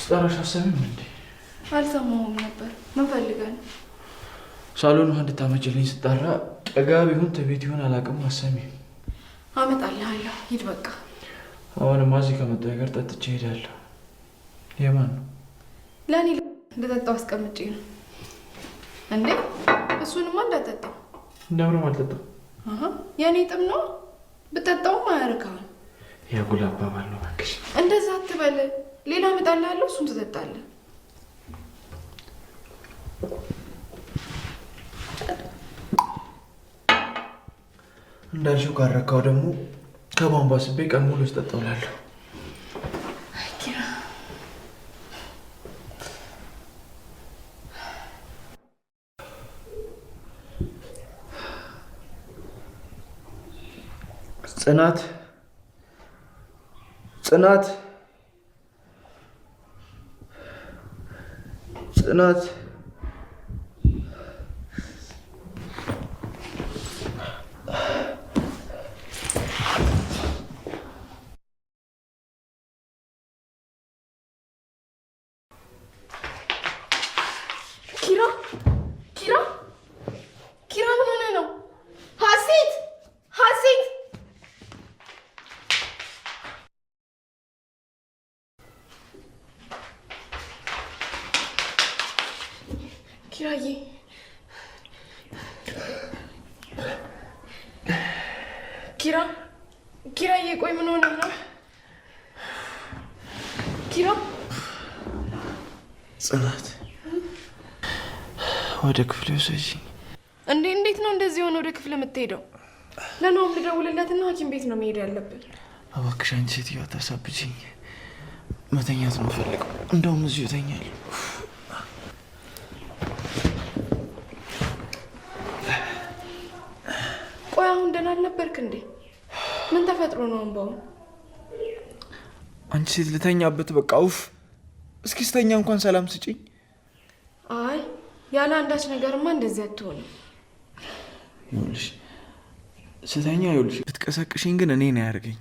ስጠራሽ አሰብም እንዴ? አልሰማሁም ነበር። ምን ፈልገህ ነው? ሳሎን ውሃ እንድታመጭልኝ ስጠራ ጠጋ ቢሆን ተቤት ይሆን አላውቅም። አሰሚም አመጣልሃለሁ። ሂድ በቃ። አሁንማ እዚህ ከመጣሁ ጋር ጠጥቼ እሄዳለሁ። የማን ነው? ለእኔ እንደጠጣው አስቀምጬ ነው እንዴ? እሱንማ እንዳጠጣው እንደምንም አልጠጣው። የእኔ ጥም ነው ብጠጣውም አያረካል። የጉል አባባል ነው እባክሽ። እንደዛ አትበል። ሌላ መጣላ ያለው እሱን ትጠጣለህ። እንዳልሽው ካረካው ደግሞ ከቧንቧ ስቤ ቀን ሙሉ ስጠጣው እላለሁ። ጽናት ጽናት not ኪራዬ ኪራ ኪራዬ፣ ቆይ ምን ሆነ ነው? ኪራ ጽናት፣ ወደ ክፍል ውሰጂኝ። እንዴ እንዴት ነው እንደዚህ ሆነ? ወደ ክፍል የምትሄደው? ለናውም ልደውልለትና ሐኪም ቤት ነው መሄድ ያለብን። እባክሽ አንቺ ሴትዮዋ ታሳብጂኝ። መተኛት ነው ፈልገው። እንደውም እዚሁ እተኛለሁ። አልነበርክ እንዴ? ምን ተፈጥሮ ነው እንባውን? አንቺ ሴት ልተኛበት በቃ ውፍ። እስኪ ስተኛ እንኳን ሰላም ስጪኝ። አይ ያለ አንዳች ነገርማ እንደዚያ አትሆንም። ይኸውልሽ ስተኛ ይኸውልሽ፣ ብትቀሰቅሽኝ ግን እኔ አያደርገኝ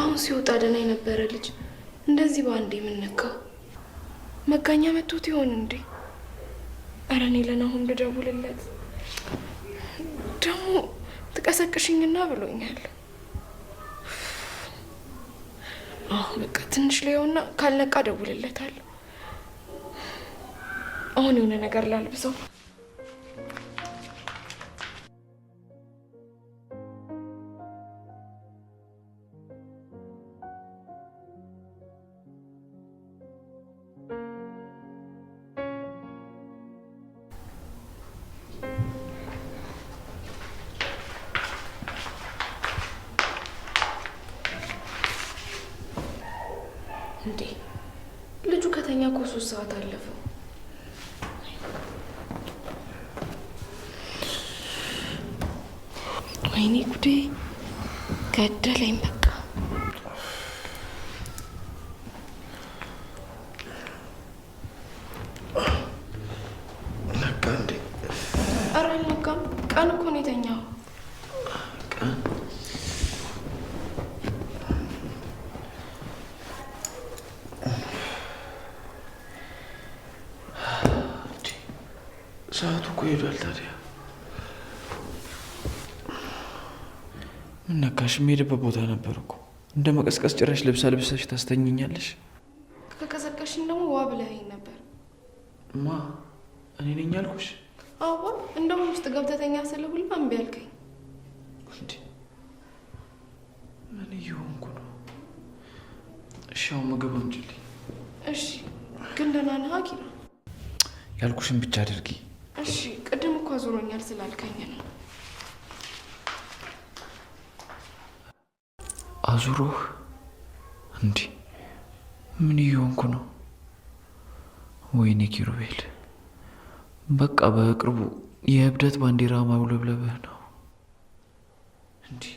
አሁን ሲወጣ ደህና የነበረ ልጅ እንደዚህ በአንዴ የምነካው መጋኛ መቶት ይሆን እንዴ? እረ እኔ ለናሁም ልደውልለት ደግሞ ትቀሰቅሽኝና ብሎኛል። አሁ በቃ ትንሽ ላየውና ካልነቃ ደውልለታል። አሁን የሆነ ነገር ላልብሰው ሶስት ሰዓት አለፈው። ወይኔ ጉዴ ገደለኝ። በቃ ነቃ እንዴ? ኧረ አልነቃም። ቀን እኮ ነው የተኛው። ሰዓቱ እኮ ሄዷል። ታዲያ ምነካሽ የምሄድበት ቦታ ነበር እኮ እንደ መቀስቀስ ጭራሽ ልብሳ ልብሰሽ ታስተኝኛለሽ። ከቀሰቀሽኝ ደግሞ ዋ ብለኸኝ ነበር። ማ እኔ ነኝ ያልኩሽ? አዎ እንደውም ውስጥ ገብተተኛ ስለ ሁላ እምቢ አልከኝ። እንዴ ምን እየሆንኩ ነው? እሺ ምግብ አምጪልኝ። እሺ ግን ደህና ነህ አኪራ? ያልኩሽን ብቻ አድርጌ እሺ ቅድም እኮ አዞሮኛል ስላልከኝ ነው። አዙሮህ እንዲህ ምን እየሆንኩ ነው? ወይኔ ኪሩቤል፣ በቃ በቅርቡ የእብደት ባንዲራ ማውለብለብህ ነው። እንዲህ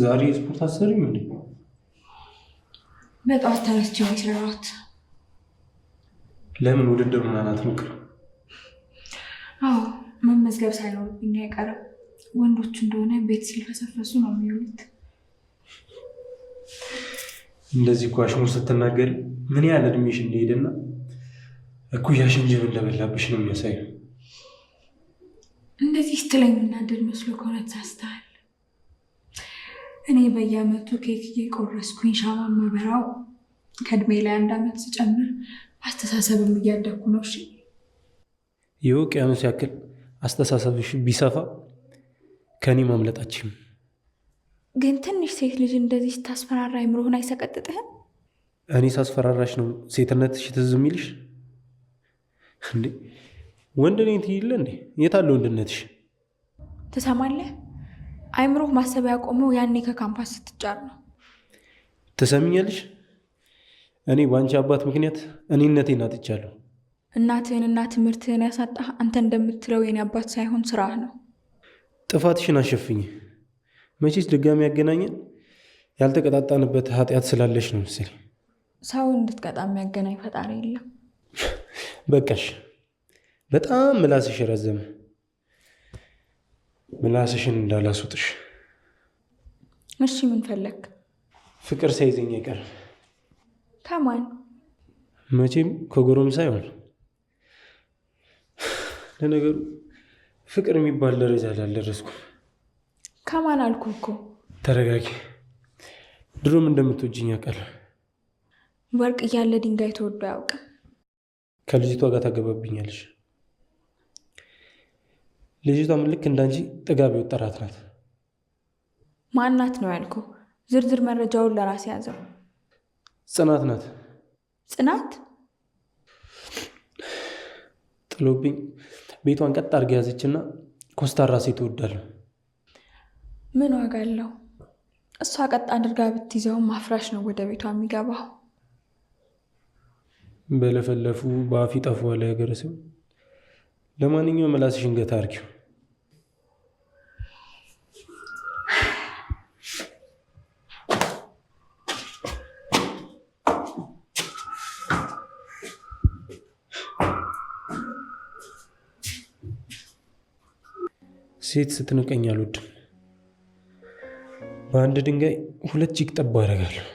ዛሬ የስፖርት አሰሪ ምን በጠዋት ተነስቼ ስራት ለምን ውድድር ምናምን አትሞክርም? አዎ መመዝገብ ሳይኖርብኝ አይቀርም። ወንዶቹ እንደሆነ ቤት ሲልፈሰፈሱ ነው የሚውሉት። እንደዚህ እኮ አሽሙር ስትናገሪ ምን ያህል እድሜሽ እንደሄደና እኩያሽን ጅብ እንደበላብሽ ነው የሚያሳየው። እንደዚህ ስትለኝ የምናደድ መስሎ ከሆነ ተሳስተሃል። እኔ በየአመቱ ኬክ እየቆረስኩኝ ሻማ መበራው ከእድሜ ላይ አንድ አመት ስጨምር አስተሳሰብም እያደኩ ነው። እሺ የውቅያኖስ ያክል አስተሳሰብሽ ቢሰፋ ከኔ ማምለጣችም። ግን ትንሽ ሴት ልጅ እንደዚህ ስታስፈራራ አይምሮህን አይሰቀጥጥህም? እኔ ሳስፈራራሽ ነው ሴትነትሽ ትዝ የሚልሽ እንዴ? ወንድ ነኝ ትይለ እንዴ? የታለ ወንድነትሽ? ትሰማለህ አይምሮ ማሰብ ያቆመው ያኔ ከካምፓስ ስትጫር ነው። ትሰሚኛለሽ? እኔ በአንቺ አባት ምክንያት እኔነቴን አጥቻለሁ። እናትህንና ትምህርትህን ያሳጣህ አንተ እንደምትለው የኔ አባት ሳይሆን ስራህ ነው። ጥፋትሽን አሸፍኝ። መቼስ ድጋሚ ያገናኘን ያልተቀጣጣንበት ኃጢአት ስላለሽ ነው መሰለኝ። ሰው እንድትቀጣ የሚያገናኝ ፈጣሪ የለም። በቃሽ፣ በጣም ምላስሽ ረዘመ። ምላስሽን እንዳላስውጥሽ። እሺ ምን ፈለግ? ፍቅር ሳይዘኝ ይቀር። ከማን? መቼም ከጎረምሳ ይሆን። ለነገሩ ፍቅር የሚባል ደረጃ ላልደረስኩ ከማን አልኩ እኮ። ተረጋጊ። ድሮም እንደምትወጅኝ አውቃለሁ። ወርቅ እያለ ድንጋይ ተወዶ አያውቅም። ከልጅቷ ጋር ታገባብኛለሽ። ልጅቷም ልክ እንዳንቺ ጥጋብ የወጠራት ናት። ማናት ነው ያልኩ? ዝርዝር መረጃውን ለራሴ ያዘው። ጽናት ናት። ጽናት ጥሎብኝ ቤቷን ቀጥ አድርጋ ያዘችና ኮስታራ ሴት እወዳለሁ። ምን ዋጋ አለው? እሷ ቀጥ አድርጋ ብትይዘውም አፍራሽ ነው ወደ ቤቷ የሚገባው። በለፈለፉ በአፍ ይጠፋዋል ያገረ ለማንኛውም ምላስሽን ገታ አድርጊው። ሴት ስትንቀኝ አልወድም። በአንድ ድንጋይ ሁለት ጅግ ጠብ አደርጋለሁ።